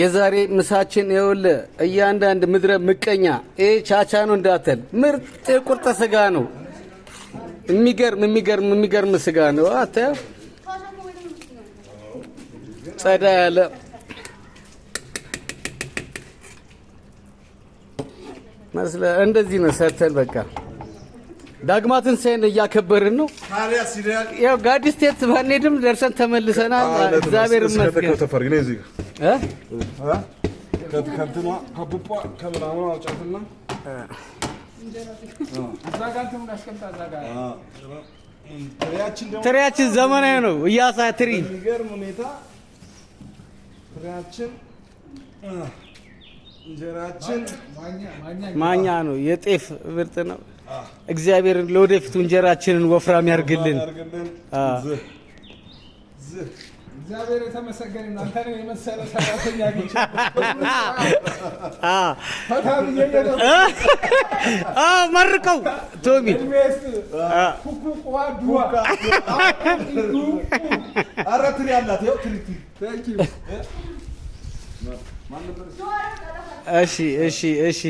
የዛሬ ምሳችን የወለ እያንዳንድ ምድረ ምቀኛ ቻቻ ነው እንዳተል ምርጥ የቁርጥ ስጋ ነው። የሚገርም የሚገርም የሚገርም ስጋ ነው። አተ ጸዳ ያለ መስለ እንደዚህ ነው ሰርተን በቃ ዳግማ ትንሣኤን እያከበርን ነው። ያው ባንሄድም ደርሰን ተመልሰናል። እግዚአብሔር ይመስገን። ከእንትኗ ከቡቧ አውጫትና ትሪያችን ዘመናዊ ነው። እያሳ ትሪ የሚገርም ሁኔታ ትሪያችን እንጀራችን ማኛ ነው። የጤፍ ምርጥ ነው። እግዚአብሔር ለወደፊቱ እንጀራችንን ወፍራም ያርግልን። እግዚአብሔር የተመሰገነ አንተ ነው የመሰለ ሰራተኛ አግኝቼ መርቀው ቶሚ እሺ እሺ እሺ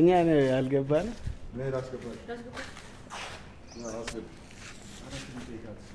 እኛ አልገባንም